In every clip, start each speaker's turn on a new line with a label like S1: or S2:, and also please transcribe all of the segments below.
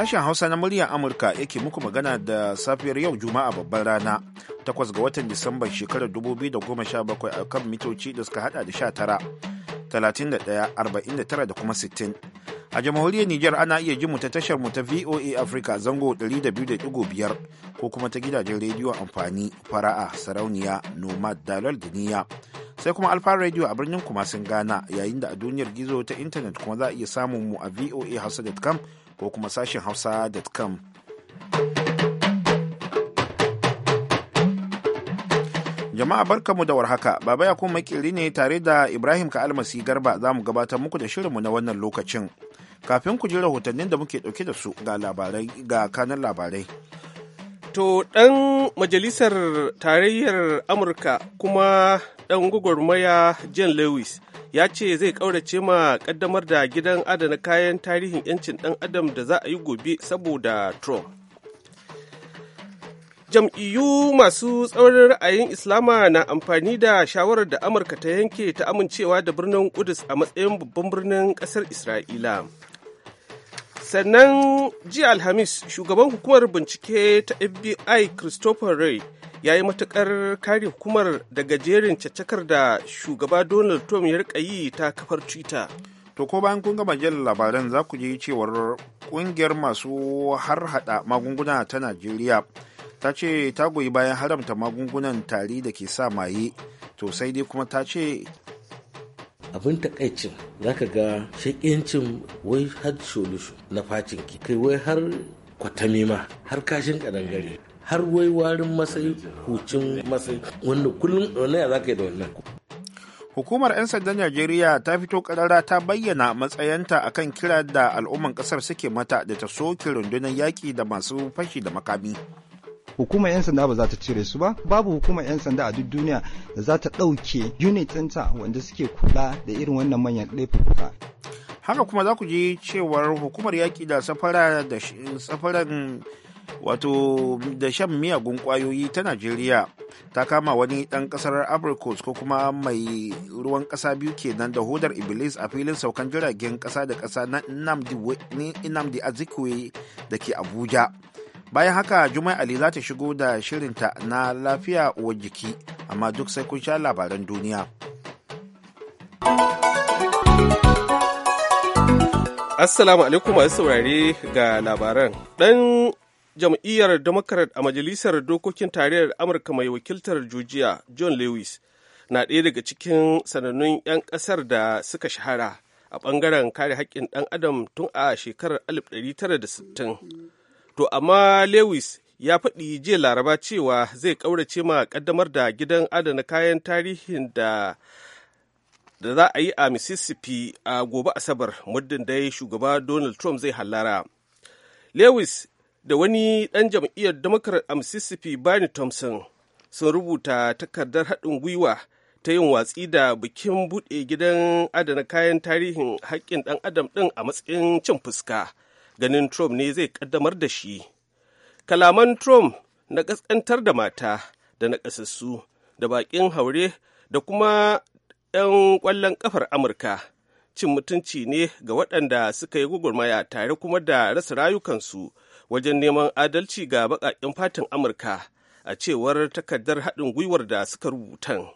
S1: Sashen Hausa na muryar Amurka yake muku magana da safiyar yau Juma'a babban rana, takwas ga watan Disamba shekarar 2017 a kan mitoci da suka hada da 19, 31, 49 da kuma 60. A jamhuriyar Nijar ana iya jin mu ta tashar mu ta VOA Africa zango 200.5 ko kuma ta gidajen rediyo amfani fara'a sarauniya nomad dalar duniya. Sai kuma Alfa Radio a birnin kuma sun gana yayin da a duniyar gizo ta intanet kuma za a iya samun mu a voa voahausa.com ko kuma sashen hausa.com jama'a barkamu da warhaka baba ya kuma makiri ne tare da ibrahim ka almasi garba za mu gabatar muku da shirinmu na wannan lokacin kafin ku ji rahotannin da muke ɗauke da su ga labarai ga kanan labarai
S2: to dan majalisar tarayyar amurka kuma dan gwagwarmaya jan lewis ya ce zai ƙaurace ma ƙaddamar da gidan adana kayan tarihin 'yancin ɗan adam da za a yi gobe saboda trump jam'iyyu masu tsaurin ra'ayin islama na amfani da shawarar da amurka ta yanke ta amincewa da birnin kudus a matsayin babban birnin ƙasar isra'ila sannan jiya alhamis shugaban hukumar bincike ta fbi christopher ray ya yi matukar kare hukumar daga jerin caccakar da shugaba donald trump ya rika yi ta kafar twitter to ko bayan kun gama jin
S1: labaran za ku ji cewar kungiyar masu har hada magunguna ta najeriya ta ce ta goyi bayan haramta magungunan tari da ke sa maye to
S3: sai dai kuma ta ce abin takaicin ka ga shakiyancin wai har sholushu na facin ki kai wai har kwatami ma har kashin kadangare har wai warin masai hucin masai wanda kullum wani ya ka yi da
S1: wannan hukumar 'yan sandan najeriya ta fito kadara ta bayyana matsayanta akan kira da al'umman kasar suke mata da ta soke rundunar yaƙi da masu fashi da makami
S4: hukumar 'yan sanda ba za ta cire su ba babu hukumar 'yan sanda a duk duniya da za ta ɗauke unit ɗinta wanda suke kula da irin wannan manyan laifuka
S1: haka kuma za ku ji cewar hukumar yaƙi da safara da safaran wato da shan miyagun kwayoyi ta najeriya ta kama wani ɗan ƙasar abricot ko kuma mai ruwan ƙasa biyu kenan da hodar iblis a filin saukan jiragen ƙasa da ƙasa na nnamdi azikiwe da ke abuja bayan haka jumai ali za ta shigo da shirinta na lafiya uwar jiki amma duk sai kun sha labaran
S2: duniya assalamu alaikum masu saurare ga labaran dan jam'iyyar democrat a majalisar dokokin tarayyar amurka mai wakiltar jujiya john lewis na ɗaya daga cikin sanannun 'yan ƙasar da suka shahara a ɓangaren kare haƙƙin ɗan adam tun a shekarar 1960 To amma Lewis ya faɗi jiya laraba cewa zai ƙaurace ma ƙaddamar da gidan adana kayan tarihin da da za a yi a Mississippi a gobe Asabar muddin dai shugaba Donald Trump zai hallara. Lewis da wani ɗan jam'iyyar Democrat a Mississippi Barney Thompson sun rubuta takardar haɗin gwiwa ta yin watsi da bikin buɗe gidan adana kayan tarihin haƙƙin ɗan adam ɗin a matsayin cin fuska. ganin Trump ne zai kaddamar da shi. Kalaman Trump na ƙasƙantar da mata da na ƙasassu da baƙin haure da kuma 'yan ƙwallon ƙafar Amurka cin mutunci ne ga waɗanda suka yi gugurmaya tare kuma da rasa rayukansu wajen neman adalci ga baƙaƙen fatan Amurka a cewar takardar haɗin gwiwar da suka rubutan.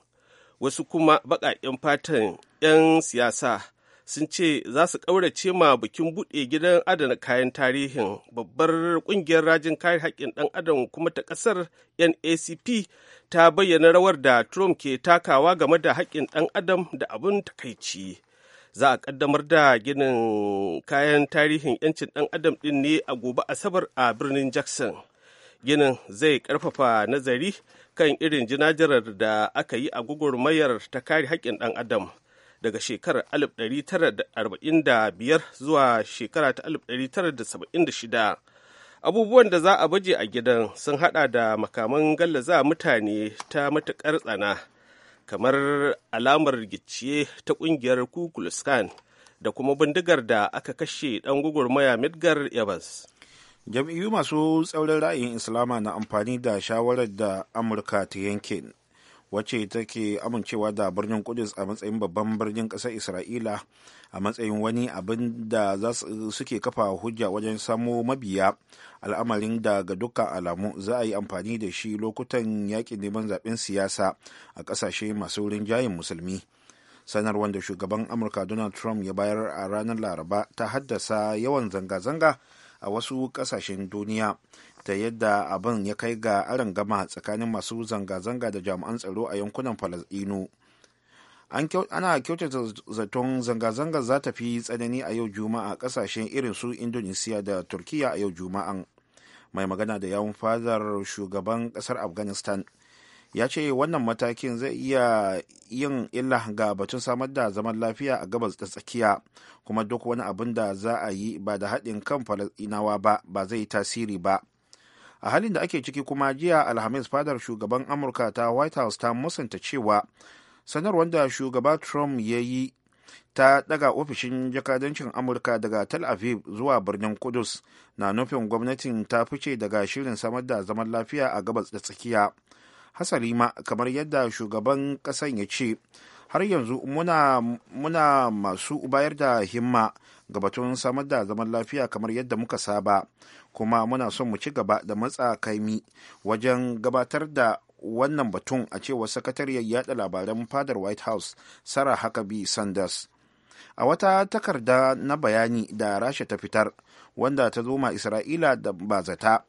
S2: Wasu kuma baƙaƙen fatan 'yan siyasa sun ce za su ƙaurace ma bikin buɗe gidan adana kayan tarihin babbar ƙungiyar rajin kare haƙƙin ɗan adam kuma ta ƙasar nacp ta bayyana rawar da trump ke takawa game da haƙƙin ɗan adam da abin takaici za a ƙaddamar da ginin kayan tarihin 'yancin ɗan adam ɗin ne a gobe asabar a birnin jackson ginin zai ƙarfafa nazari kan irin jinajirar da aka yi a gugurmayar ta kare haƙƙin ɗan adam daga shekarar 1945 zuwa shekara ta 1976 abubuwan da za a baje a gidan sun hada da makaman gallaza mutane ta matukar tsana kamar alamar gicciye ta ƙungiyar kukuluskan da kuma bindigar da aka kashe dan gugurmaya midgar evans jam'iyyu masu tsaurin ra'ayin islama
S1: na amfani da shawarar da amurka ta yankin wacce take amincewa da birnin kudus a matsayin babban birnin ƙasar isra'ila a matsayin wani abin da za suke kafa hujja wajen samo mabiya al'amarin da ga dukkan alamu za a yi amfani da shi lokutan yakin neman zaɓen siyasa a ƙasashe masu rinjayen musulmi sanar wanda shugaban amurka donald trump ya bayar a ranar laraba ta haddasa yawan zanga-zanga a wasu ƙasashen duniya da yadda abin ya kai ga aron gama tsakanin masu zanga-zanga da jami'an tsaro a yankunan falasɗinu ana kyautata zaton zanga zanga za ta fi tsanani a yau juma'a kasashen irin su indonesia da turkiya a yau juma'an mai magana da yawun fadar shugaban kasar afghanistan ya ce wannan matakin zai iya yin illa ga batun samar da zaman lafiya a gabas da tsakiya kuma duk wani abin da za a yi ba da haɗin kan falasɗinawa ba ba zai tasiri ba a halin da ake ciki kuma jiya alhamis fadar shugaban amurka ta white house ta musanta cewa sanarwar da shugaba trump ya yi ta daga ofishin jakadancin amurka daga tel aviv zuwa birnin kudus na nufin gwamnatin ta fice daga shirin samar da zaman lafiya a gabas da tsakiya hasali ma kamar yadda shugaban kasan ya ce har yanzu muna masu bayar da himma ga batun samar da zaman lafiya kamar yadda muka saba kuma muna son mu ci gaba da matsa kaimi wajen gabatar da wannan batun a cewar sakatariyar yada labaran fadar white house sarah huckabee sanders a wata takarda na bayani da rasha ta fitar wanda ta zo ma isra'ila da bazata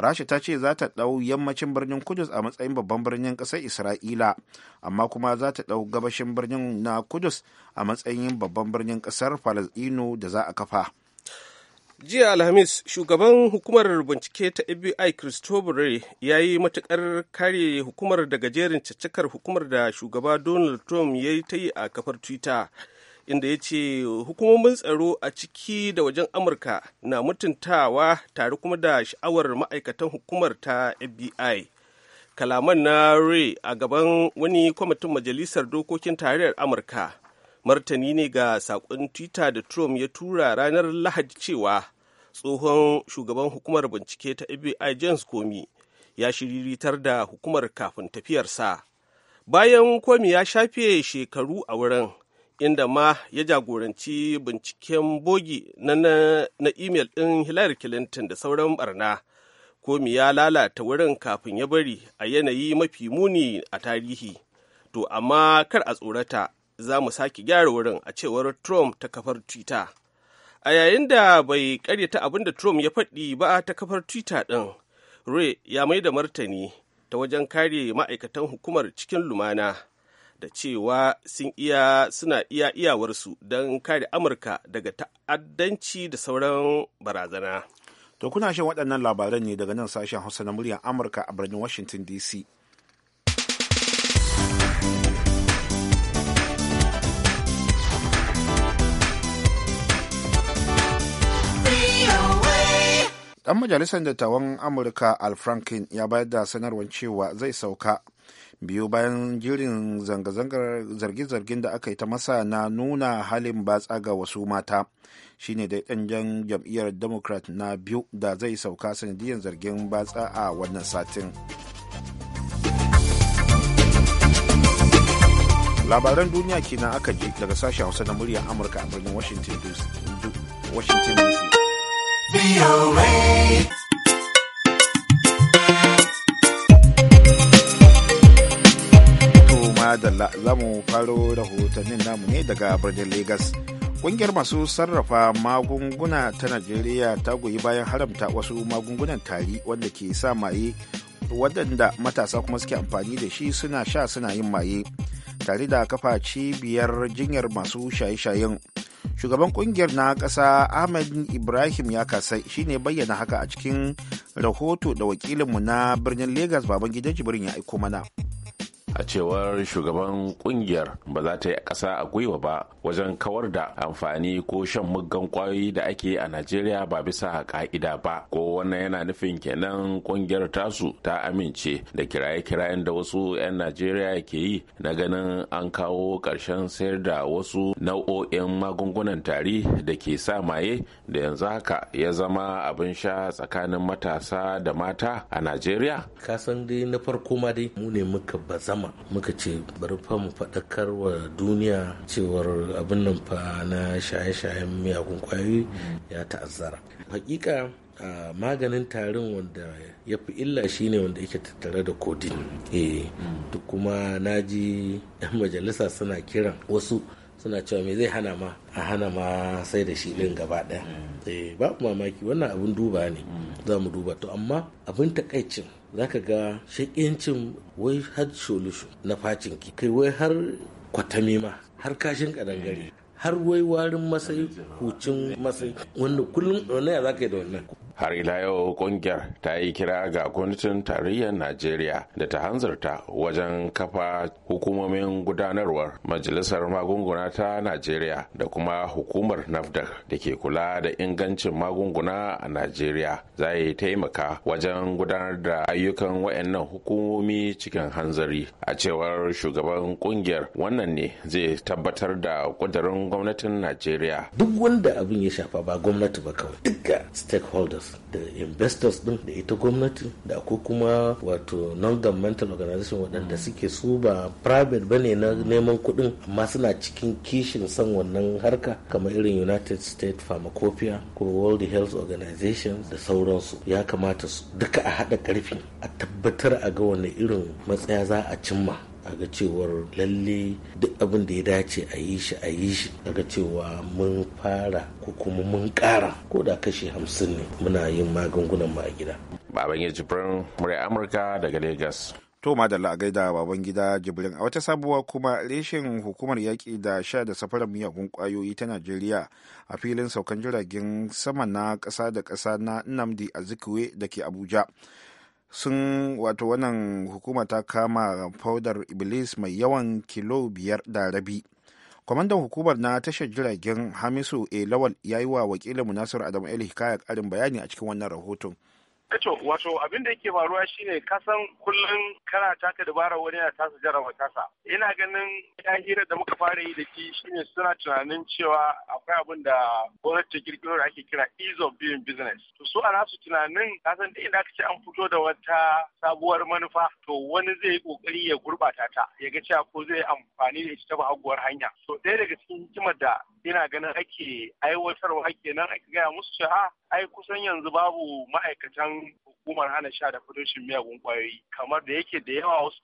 S1: rasha ta ce za ta ɗau yammacin birnin kudus a matsayin babban birnin ƙasar isra'ila amma kuma za ta ɗau gabashin birnin na kudus a matsayin babban birnin ƙasar falasɗinu da za a kafa
S2: jiya alhamis shugaban hukumar bincike ta fbi christopher ya yi matukar kare hukumar daga jerin cikar hukumar da shugaba donald trump ya yi ta yi a kafar twitter inda ya ce hukumomin tsaro a ciki da wajen amurka na mutuntawa tare kuma da sha'awar ma'aikatan hukumar ta fbi kalaman na ray a gaban wani kwamitin majalisar dokokin tarayyar amurka martani ne ga sakon twitter da trump ya tura ranar lahadi cewa tsohon shugaban hukumar bincike ta fbi james komi ya shiriritar da hukumar kafin tafiyarsa bayan komi ya shafe shekaru a wurin inda ma ya jagoranci binciken bogi na na imel din Hillary Clinton da sauran barna. Komi ya lalata wurin kafin ya bari a yanayi mafi muni a tarihi. To, amma kar a tsorata za mu sake gyara wurin a cewar Trump ta kafar Twitter. A yayin da bai karyata abin da Trump ya faɗi ba ta kafar Twitter ɗin, Ray ya mai da martani ta wajen kare ma'aikatan hukumar cikin lumana. da cewa sun iya suna iya iyawarsu don kare amurka daga ta'addanci da sauran barazana
S1: to kuna shan waɗannan labaran ne daga nan sashen hausa na muryar amurka a birnin washington dc dan majalisar dattawan amurka al franken ya bayar da sanarwar cewa zai sauka biyu bayan jirin zanga-zangar zarge-zargen da aka yi ta masa na nuna halin batsa ga wasu mata shine da ɗan jan jam'iyyar democrat na biyu da zai sauka sanadiyar zargin batsa a wannan satin labaran duniya kenan aka je daga sashen hausa na muryar amurka a birnin washington dc madalla za mu faro rahotannin namu ne daga birnin Legas. kungiyar masu sarrafa magunguna ta Najeriya ta goyi bayan haramta wasu magungunan tari wanda ke sa maye waɗanda matasa kuma suke amfani da shi suna sha suna yin maye tare da kafa cibiyar jinyar masu shaye-shayen. Shugaban kungiyar na ƙasa Ahmed Ibrahim ya kasai shine bayyana haka a cikin rahoto da wakilinmu na birnin Legas gidan jibirin ya aiko mana.
S5: a cewar shugaban kungiyar ba za ta yi ƙasa a gwiwa ba wajen kawar da amfani ko shan muggan kwayoyi da ake a najeriya ba bisa ka'ida ba ko wannan yana nufin kenan kungiyar tasu ta amince da kiraye-kirayen da wasu 'yan najeriya ke yi na ganin an kawo ƙarshen sayar da wasu nau'o'in magungunan tari da ke sa maye da yanzu haka ya zama abin sha tsakanin matasa da mata a
S3: najeriya kasan dai na farko ma dai mu ne muka bazama muka ce bari fa mu faɗakar wa duniya cewar abin nan fa na shaye-shayen miyagun kwayoyi ya ta'azzara hakika maganin tarin wanda ya fi illa shine wanda yake tattare da kodin eh mm. kuma na ji 'yan majalisa suna kiran wasu suna cewa me zai hana ma a hana ma sai da shi din gaba daya eh babu mamaki wannan abin duba ne za mu duba to amma abin takaicin zaka ga shakincin wai har sholushu na facin ki kai wai har kwatami ma har kashin kadangare har wai warin masai hucin masai wanda kullum wani ya zaka yi da wannan
S5: har ila yau kungiyar ta yi kira ga gwamnatin tarayyar najeriya da ta hanzarta wajen kafa hukumomin gudanarwar majalisar magunguna ta najeriya da kuma hukumar nafdak da ke kula da ingancin magunguna a najeriya za yi taimaka wajen gudanar da ayyukan wayannan hukumomi cikin hanzari a cewar shugaban kungiyar wannan ne zai tabbatar da kudurin gwamnatin najeriya
S3: duk wanda abin ya shafa ba gwamnati ba kawai duka stakeholders da investors din da ita gwamnati da ko kuma wato non-governmental organization waɗanda mm. suke su ba private ba ne na mm. neman kuɗin amma suna cikin kishin son wannan harka kamar irin united states pharmacopoeia ko world health organization da sauransu ya kamata su duka a haɗa ƙarfi a tabbatar a ga wani irin matsaya za a cimma a ga cewar lalle duk abin da ya dace a yi shi a yi shi a ga cewa mun fara ko kuma mun ƙara ko da kashe hamsin ne muna yin magungunan mu a gida. Baban
S1: jibrin murya Amurka daga lagos. To da a gaida baban gida jibrin a wata sabuwa kuma reshen hukumar yaƙi da sha da safarar miyagun ƙwayoyi ta Najeriya a filin saukan jiragen sama na ƙasa da ƙasa na Nnamdi Azikiwe da ke Abuja. sun wato wannan hukuma ta kama faudar iblis mai yawan kilo biyar da rabi kwamandan hukumar na tashar jiragen hamisu a lawal ya yi wa wakilin munasir adamu el hikaya karin bayani a cikin wannan rahoton
S6: Kacho, wato abin da yake faruwa shine kasan kullum kana taka dabara wani yana tasa jarabar tasa. Ina ganin ya hira da muka fara yi da ki shine suna tunanin cewa akwai abin da gwamnati ta kirkiro da ake kira ease of doing business. To su a nasu tunanin kasan da inda aka ce an fito da wata sabuwar manufa to wani zai yi kokari ya gurbata ta ya ga cewa ko zai amfani da ita ta haguwar hanya. To ɗaya daga cikin hikimar da ina ganin ake aiwatarwa ake nan ake gaya musu cewa ah, ai kusan yanzu babu ma'aikatan hukumar hana sha da fadoshin miyagun kwayoyi kamar da yake da yawa wasu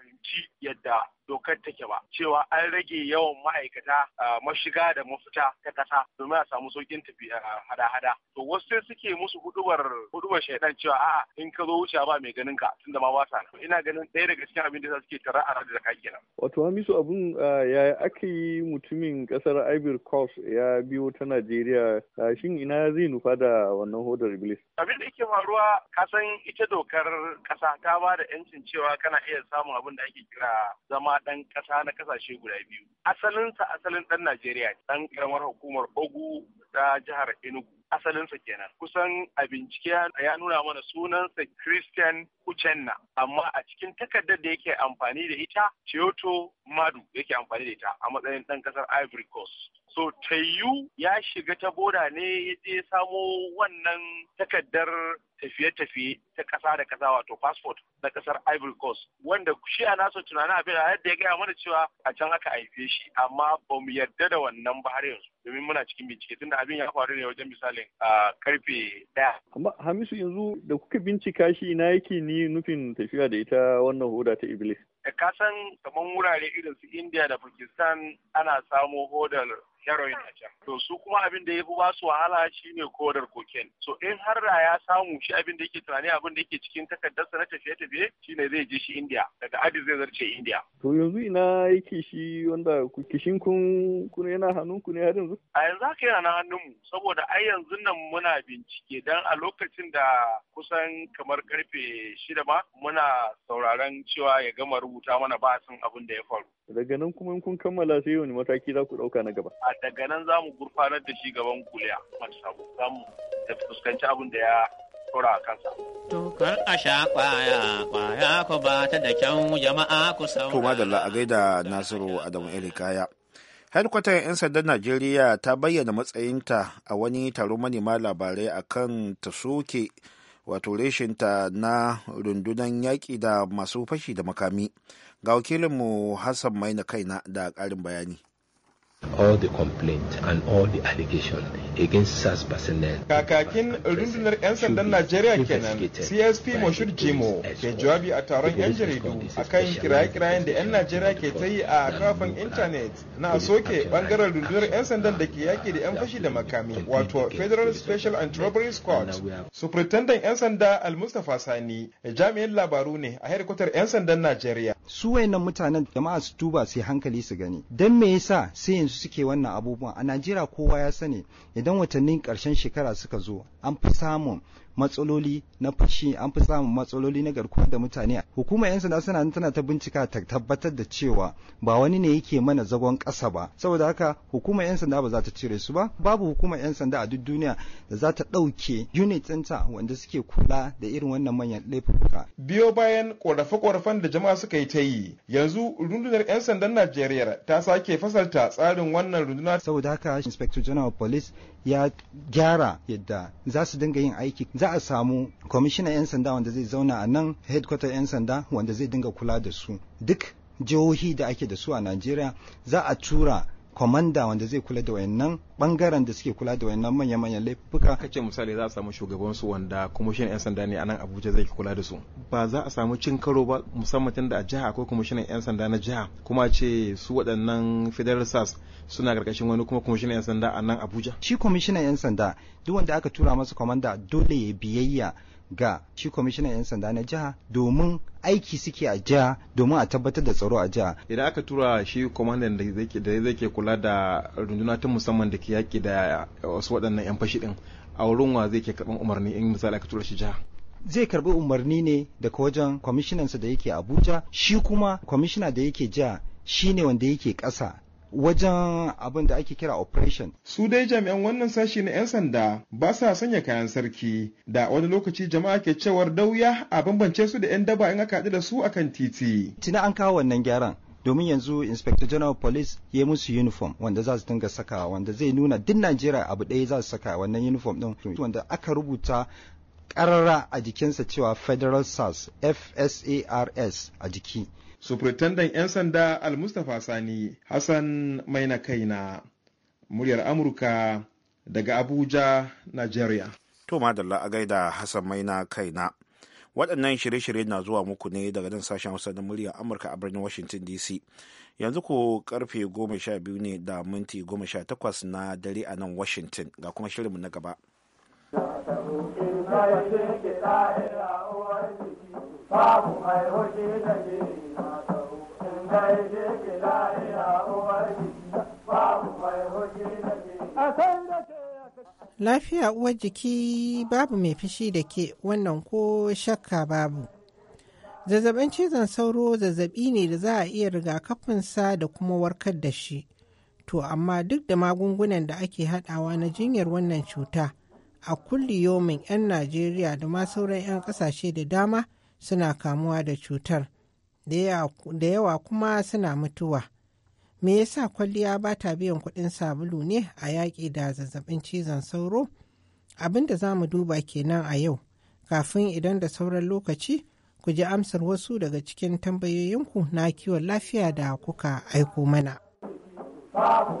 S6: fahimci yadda dokar take ba cewa an rage yawan ma'aikata mashiga da mafita ta kasa domin a samu saukin tafiya hada-hada to wasu sai suke musu hudubar hudubar shaidan cewa a'a in ka zo wuce ba mai ganin ka tunda ma ba sa ina ganin ɗaya daga cikin abin da za suke tara a da ka kenan wato hamisu abun ya aka yi mutumin kasar ivory coast ya biyo ta najeriya shin ina zai nufa da wannan hodar iblis abin da yake faruwa kasan ita dokar kasa ta ba da yancin cewa kana iya samun abin abin da ake kira zama ɗan ƙasa na ƙasashe guda biyu. Asalinsa asalin ɗan Najeriya ne, ɗan ƙaramar hukumar Ogu ta jihar Enugu. asalinsa kenan kusan a bincike ya nuna mana sunansa christian uchenna amma a cikin takardar da yake amfani da ita Kyoto madu yake amfani da ita a matsayin ɗan kasar ivory coast so tayu ya shiga ta boda ne ya je samo wannan takardar tafiye-tafiye ta ƙasa da ƙasa wato passport na kasar Ivory Coast wanda shi a nasa tunanin abin da yadda ya gaya mana cewa a can aka haife shi amma ba mu yarda da wannan ba har yanzu domin muna cikin bincike tunda abin ya faru ne wajen misalin a karfe daya. Amma Hamisu yanzu da kuka bincika shi na yake ni nufin tafiya da ita wannan hoda ta Iblis. da eh, kasan kamar wurare irin su India da Pakistan ana samo hodar heroin a can to su kuma abin da ya fi basu wahala shine kodar koken so in har da ya samu shi abin da yake tunani abin da yake cikin takardarsa na tafiye-tafiye shi ne zai je shi India daga Addis zai zarce India to yanzu ina yake shi wanda kishin kun kun yana hannun ku ne har yanzu a yanzu haka yana na hannun mu saboda ai yanzu nan muna bincike dan a lokacin da kusan kamar karfe shida ma muna sauraron cewa ya gama rubuta mana basin abin da ya faru daga nan kuma in kun kammala sai wani mataki za ku ɗauka na gaba a daga nan za mu gurfanar da shi gaban kuliya sabu za mu fuskanci abin da ya tura a kansa
S7: Tukar a sha kwaya kwaya ku ba ta da kyau jama'a ku saura. To
S1: madalla a gaida Nasiru Adamu Elikaya. Hedkwatar 'yan sandan Najeriya ta bayyana matsayinta a wani taron manema labarai akan ta soke wato ta na rundunar yaƙi da masu fashi da makami ga wakilinmu hassan maina kaina da ƙarin bayani
S5: all the complaints and all the allegations against SAS personnel.
S8: Kakakin rundunar 'yan sandan Najeriya kenan CSP Moshood Jimo ke jawabi a taron 'yan jaridu akan kiraye-kirayen da 'yan Najeriya ke ta yi a kafin intanet na soke bangaren rundunar 'yan sandan da ke yaki da 'yan fashi da makami wato Federal Special Anti-Robbery Squad. Sufritandan 'yan sanda Al-Mustapha Sani jami'in labaru ne
S4: a hedkwatar 'yan sandan Najeriya. Su wayannan mutanen jama'a su tuba su hankali su gani. Dan me yasa sai su suke wannan abubuwan a najeriya kowa ya sani idan watannin karshen shekara suka zo an fi samun matsaloli na fashi an fi samun matsaloli na garkuwa da mutane hukumar yan sanda suna tana ta bincika ta tabbatar da cewa ba wani ne yake mana zagon kasa ba saboda haka hukumar yan sanda ba za ta cire su ba babu hukumar yan sanda a duk duniya da za ta ɗauke unit ɗinta wanda suke kula da irin wannan manyan laifuka
S8: biyo bayan ƙorafe-ƙorafen da jama'a suka yi ta yi yanzu rundunar yan sandan najeriya
S4: ta sake fasalta tsarin wannan runduna saboda haka inspector general police ya gyara yadda za su dinga yin aiki za a samu kwamishinan 'yan sanda wanda zai zauna a nan headquarter 'yan sanda wanda zai dinga kula da su duk jihohi da ake da su a najeriya za a tura kwamanda wanda zai kula da wayannan bangaren da suke kula da wayannan manya-manyan
S8: laifuka kace misali za a samu shugaban su wanda kwamishinan yan sanda ne a nan Abuja zai kula da su ba za a samu cin karo ba musamman da a jiha akwai kwamishinan yan sanda na jiha kuma ce su
S4: waɗannan federal sas suna karkashin wani kuma kwamishinan yan sanda a nan Abuja shi kwamishinan yan sanda duk wanda aka tura masa kwamanda dole ya biyayya ga shi kwamishinan 'yan sanda na jiha domin aiki suke a jiha domin a tabbatar da tsaro a jiha.
S8: Idan aka tura shi kwamandan da zai ke kula da runduna ta musamman da ke yaƙi da wasu waɗannan 'yan fashi
S4: ɗin a wurin wa zai ke karɓan umarni in misali aka tura shi jiha. zai karɓi umarni ne daga wajen kwamishinansa da yake abuja shi kuma kwamishina da yake jiha shine wanda yake ƙasa wajen abin da ake kira operation. Su dai jami'an wannan sashi na 'yan
S8: sanda ba sa sanya kayan sarki da wani lokaci jama'a ke cewar dauya a bambance
S4: su da 'yan daba in aka haɗu da su akan titi. Tina an kawo wannan gyaran. domin yanzu inspector general police ya musu uniform wanda za su dinga saka wanda zai nuna duk najeriya abu ɗaya za su saka wannan uniform ɗin wanda aka rubuta ƙarara a jikinsa cewa federal sars fsars a jiki Sufretendan 'yan sanda Al-Mustapha Sani
S8: Hassan Maina Kaina, muryar Amurka daga Abuja,
S1: Nigeria. To madalla a gaida Hassan Maina na. Waɗannan shirye-shirye na zuwa muku ne daga nan sashen Hausa na muryar Amurka a birnin Washington DC. Yanzu ko karfe goma sha biyu ne da minti goma sha takwas na dare a nan Washington ga kuma shirinmu na
S9: gaba. babu mai da ke
S7: Lafiya uwar jiki babu mai fushi da ke wannan ko shakka babu. Zazzabin cizon sauro zazzaɓi ne da za a iya rigakafinsa da kuma warkar da shi. To, amma duk da magungunan da ake haɗawa na jinyar wannan cuta, a kulli yomin 'yan Najeriya da ma sauran 'yan ƙasashe da dama suna kamuwa da cutar da yawa kuma suna mutuwa me yasa kwalliya ba ta biyan kuɗin sabulu ne a yaƙi da zazzabin cizon sauro abin da za mu duba kenan a yau kafin idan da sauran lokaci ku ji amsar wasu daga cikin tambayoyinku na kiwon lafiya da kuka aiko mana. Babu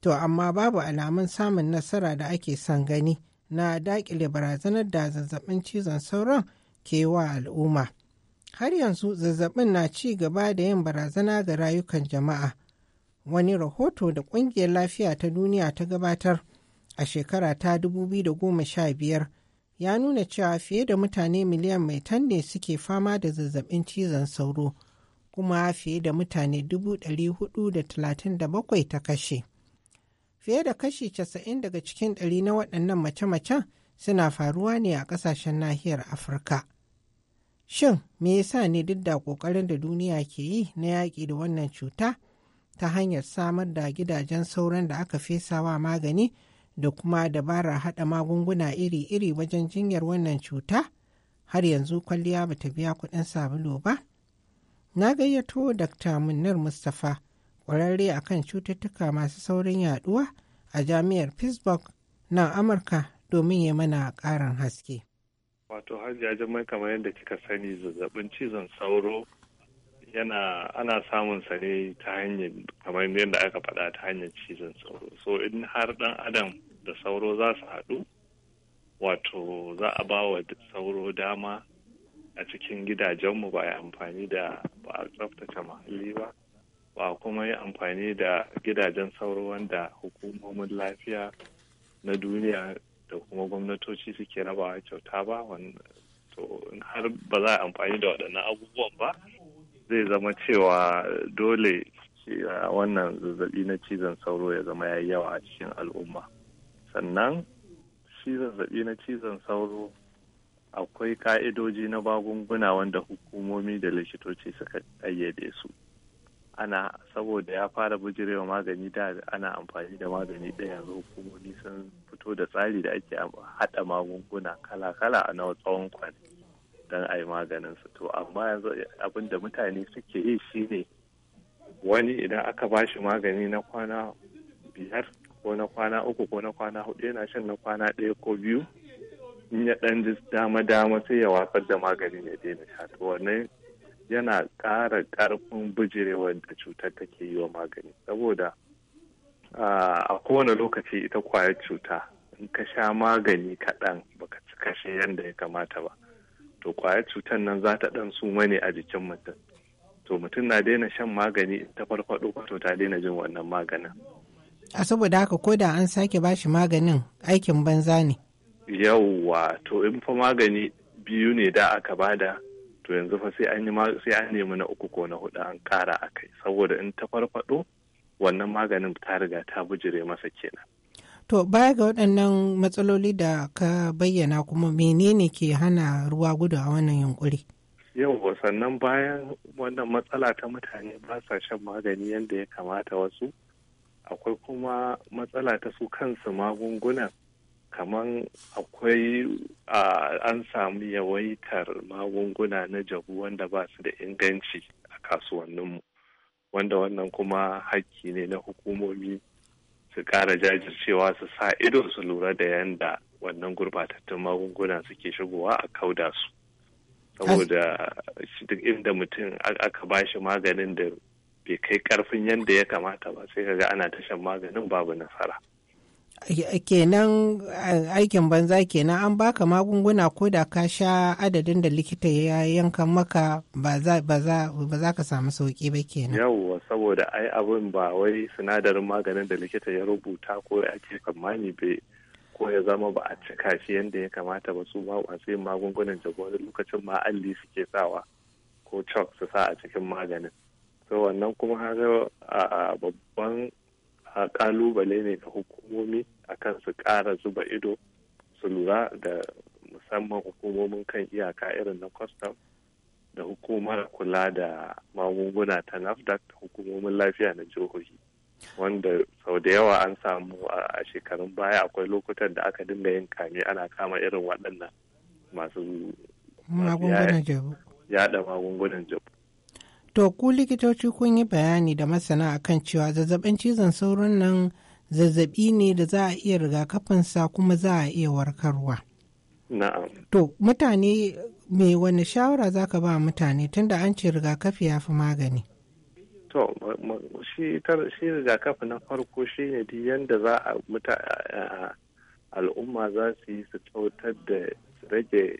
S7: to amma babu alamun samun nasara da ake son gani na daƙile barazanar da zazzabin cizon sauron kewa wa al'umma har yanzu zazzabin na ci gaba da yin barazana ga rayukan jama'a wani rahoto da ƙungiyar lafiya ta duniya ta gabatar a shekara ta 2015 ya nuna cewa fiye da mutane miliyan mai ne suke fama da zazzabin cizon sauro kuma fiye da mutane 437 ta kashe fiye da kashi 90 daga cikin ɗari na waɗannan mace-macen suna faruwa ne a ƙasashen nahiyar afirka shin me yasa ne duk da ƙoƙarin da duniya ke yi na yaƙi da wannan cuta ta hanyar samar da gidajen sauran da aka fesawa magani da kuma dabarar haɗa magunguna iri-iri wajen jinyar wannan cuta har yanzu kwalliya bata biya kuɗin sabulu ba na gayyato dr munnar mustapha ƙwararre akan cututtuka masu saurin yaduwa a jami'ar pittsburgh na amurka domin ya mana karin haske
S9: wato hajiya jimai kamar yadda kika sani zazzabin cizon sauro yana ana samun sa ne ta hanyar kamar yadda aka faɗa ta hanyar cizon sauro so in har ɗan adam da sauro za su haɗu wato za a ba wa sauro dama a cikin gidajenmu ba a amfani da ba a tsaftace muhalli ba ba kuma yi amfani da gidajen sauro wanda hukumomin lafiya na duniya da kuma gwamnatoci suke rabawa kyauta ba to har ba za a amfani da waɗannan abubuwan ba zai zama cewa dole wannan zazzabi na cizon sauro ya zama ya yawa a cikin al'umma sannan shi zazzabi na cizon sauro akwai ka'idoji na magunguna wanda hukumomi da likitoci suka ƙayyade su ana saboda ya fara bujirewa magani da ana amfani da magani ɗaya zo hukumomi sun fito da tsari da ake haɗa magunguna kala-kala a na tsawon kwanaki don a yi maganin su to amma yanzu abin da mutane suke yi shine wani idan aka ba shi magani na kwana biyar ko na kwana uku ko na kwana hudu yana shan na kwana ɗaya ko biyu in ya ɗan dama-dama sai ya wakar da maganin ya daina sha to wannan yana ƙara ƙarfin bijirewar da cutar take yi wa magani saboda a kowane lokaci ita kwayar cuta in ka sha magani kaɗan baka ci kashe yadda ya kamata ba to kwayar cutar nan za ta ɗan suma ne a jikin mutum to mutum na daina shan magani ta farfaɗo to ta daina jin wannan maganin
S7: a saboda haka ko da an sake bashi maganin aikin banza ne
S9: yawwa to in fa magani biyu ne da aka bada to yanzu fa sai an sai an nemi na uku ko na hudu an kara a kai saboda in ta farfado wannan maganin ta riga ta bujire masa kenan
S7: to baya ga waɗannan matsaloli da ka bayyana kuma menene ke hana ruwa gudu a wannan yunkuri
S9: yau sannan bayan wannan matsala ta mutane ba sa shan magani yadda ya kamata wasu akwai kuma matsala ta su kansu magungunan kaman akwai an samu yawaitar magunguna na jabu wanda ba su da inganci a kasuwanninmu wanda wannan kuma hakki ne na hukumomi su kara jajircewa su sa ido su lura da yanda wannan gurbatattun magunguna suke shigowa a kauda su saboda duk inda mutum aka ba shi maganin da bai kai karfin yadda ya kamata ba sai ga ana tashan maganin babu nasara
S7: kenan aikin banza kenan an baka magunguna ko da ka sha adadin da likita ya yanka maka ba za ka samu sauki ba
S9: kenan yawwa saboda ai abin ba wai sinadarin maganin da likita ya rubuta ko ya ce kamani be ko ya zama ba a cika shi yadda ya kamata ba su ba a yin magungunan da lokacin ma alli suke sawa ko chalk su sa a cikin maganin to wannan kuma har babban kalubale ne ga hukumomi akan su kara zuba ido su lura da musamman hukumomin kan iyaka irin na kwastam da hukumar kula da magunguna ta nafdac hukumomin lafiya na jihohi wanda sau da yawa an samu a shekarun baya akwai lokutan da aka dinga yin kame ana kama irin waɗannan masu yaɗa magungunan jabu
S7: To ku likitoci kun yi bayani da masana a kan cewa zazzabin cizon sauron nan zazzaɓi ne da za a iya rigakafinsa kuma za a iya warkarwa. Na'am. To mutane me wani shawara za ka ba mutane tunda an ce rigakafi ya fi magani?
S9: To shi rigakafi na farko shi ne yadda za a al'umma za su yi su kyautar da rage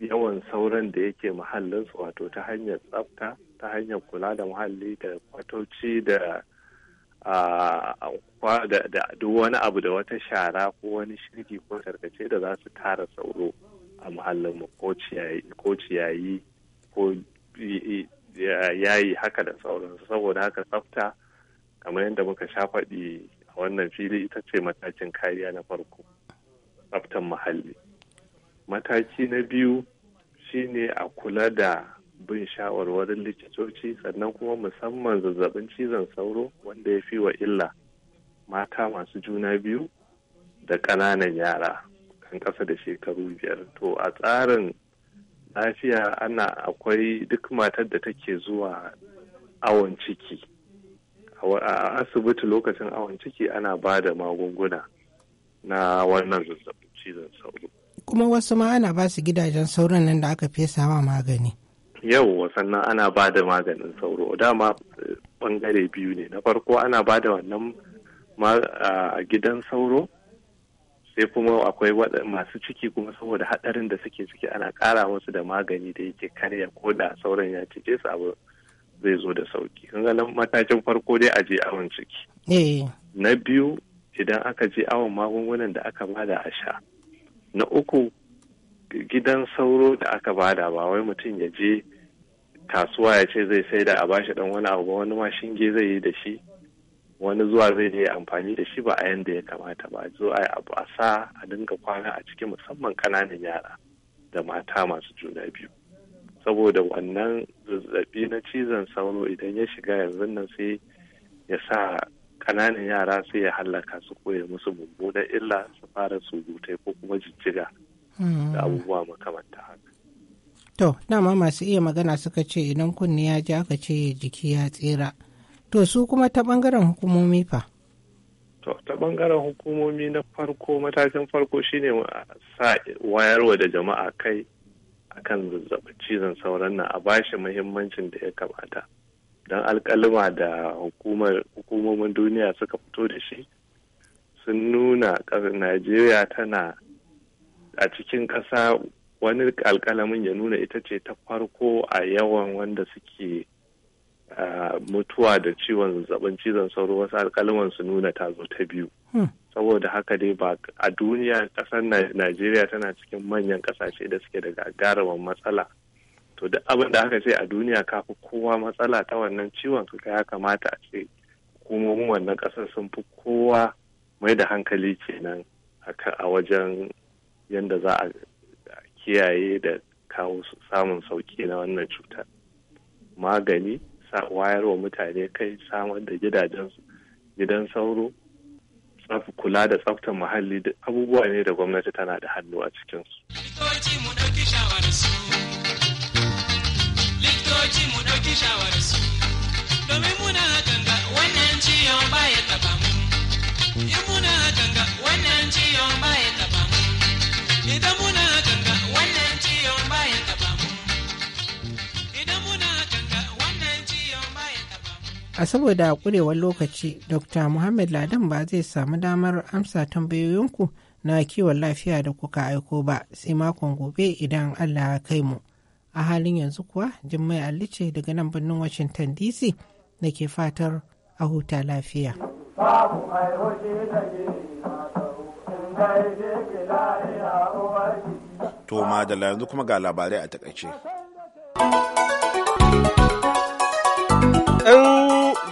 S9: yawan sauran da yake muhallinsu wato ta hanyar tsafta ta hanyar kula da muhalli da kwatoci da duk wani abu da wata shara ko wani shirki ko tarkace da za su tara sauro a muhallinmu ko ciyayi ko yayi haka da sauransu saboda haka tsafta kamar yadda muka sha faɗi a wannan fili ita ce matakin kariya na farko tsaftan muhalli mataki na biyu shine a kula da bin shawarwarin likitoci sannan kuma musamman zazzabin cizon sauro wanda ya fi wa illa mata masu juna biyu da ƙananan yara kan ƙasa da shekaru biyar to a tsarin lafiya ana akwai duk matar da take zuwa awon ciki a asibiti lokacin awon ciki ana ba da magunguna na wannan zazzabin cizon sauro
S7: kuma wasu ma ana ba su gidajen sauran nan da aka fesa wa magani
S9: yau sannan ana ba da maganin sauro dama eh, bangare biyu ne na farko ana ba da wannan a gidan sauro sai kuma akwai masu ciki kuma saboda hadarin da suke ciki ana kara musu da magani da yake karya ko da sauran ya cije su abu zai zo da sauki kun nan matakin farko dai a je awon ciki eh. na biyu idan aka je awon magungunan da aka bada a sha na uku gidan sauro da aka bada ba wai mutum ya je kasuwa ya ce zai sai da a bashi dan wani abu wani ma shinge zai yi da shi wani zuwa zai je amfani da shi ba a yanda ya kamata ba zo a abu a sa a dinga kwana a cikin musamman kananan yara da mata masu juna biyu saboda wannan zazzabi na cizon sauro idan ya shiga yanzu nan sai ya sa kananan yara sai ya hallaka su ko ya musu mummunan illa su fara surutai ko kuma jijjiga da hmm. abubuwa makamanta haka
S7: To, dama masu iya magana suka ce idan kunni ya ji aka ce jiki ya tsira. To, su kuma ta ɓangaren hukumomi fa?
S9: To, ta ɓangaren hukumomi na farko matakin farko shine sa wayarwa da jama'a kai akan zazzabin cizon sauran nan a bashi muhimmancin da ya kamata. Don alkalima da hukumomin duniya suka fito da shi sun nuna Najeriya tana a cikin ƙasa wani alkalamin ya nuna ita ce ta farko a yawan wanda suke mutuwa da ciwon zazzabin cizon sauro wasu alkalaman su nuna ta zo ta biyu hmm. saboda haka dai ba a duniya kasar najeriya tana cikin manyan kasashe da suke da gagarumin matsala to duk abin da aka ce a duniya kafi kowa matsala ta wannan ciwon su ya kamata a ce hukumomin wannan kasar sun fi kowa mai da hankali kenan a wajen yadda za a kiyaye da kawo samun sauki na wannan cuta magani wayar wa mutane kai samar da gidajen gidan sauro kula da tsaftar muhalli da abubuwa ne da gwamnati tana da hannu a cikinsu. Likitoci
S7: mu A saboda kurewar lokaci, Dr. Muhammad Ladan ba zai samu damar amsa tambayoyinku na kiwon lafiya da kuka aiko ba sai makon gobe idan Allah ya kai mu. A halin yanzu kuwa, Jummai alice ce daga nan birnin Washington DC da ke fatar a huta lafiya. Babu mai
S1: da To madalla yanzu kuma
S2: ga labarai a takaice.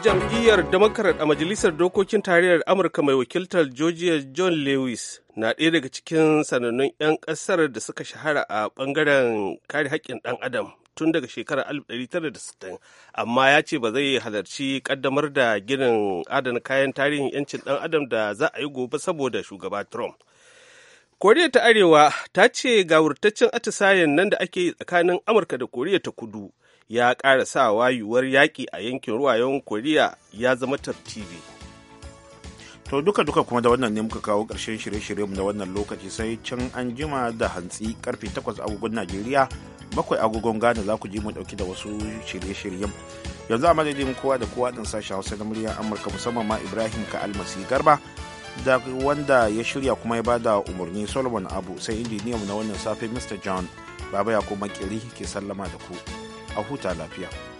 S2: jam'iyyar Democrat a Majalisar Dokokin Tarayyar Amurka mai wakiltar Georgia John Lewis na ɗaya daga cikin sanannun 'yan ƙasar da suka shahara a ɓangaren kare haƙƙin ɗan adam tun daga shekarar 1960 amma ya ce ba zai halarci ƙaddamar da ginin adana kayan tarihin 'yancin ɗan adam da za a yi gobe saboda shugaba Trump. koriya ta arewa ta ce gawurtaccen atisayen nan da ake yi tsakanin amurka da koriya ta kudu ya ƙara sa wayuwar yaƙi a yankin ruwayen koriya ya zama tartibi
S1: to duka-duka kuma da wannan ne muka kawo ƙarshen shirye-shiryen da wannan lokaci sai can an jima da hantsi karfe 8 agogon najeriya bakwai agogon ghana za ku ji mu ɗauki da wasu shirye-shiryen yanzu a madadin kowa da kowa ɗin sashen hausa na muryar amurka musamman ma ibrahim ka almasi garba da wanda ya shirya kuma ya bada umarni solomon abu sai injiniyan na wannan safe mr john baba ya kuma ke sallama da ku. a huta lafiya.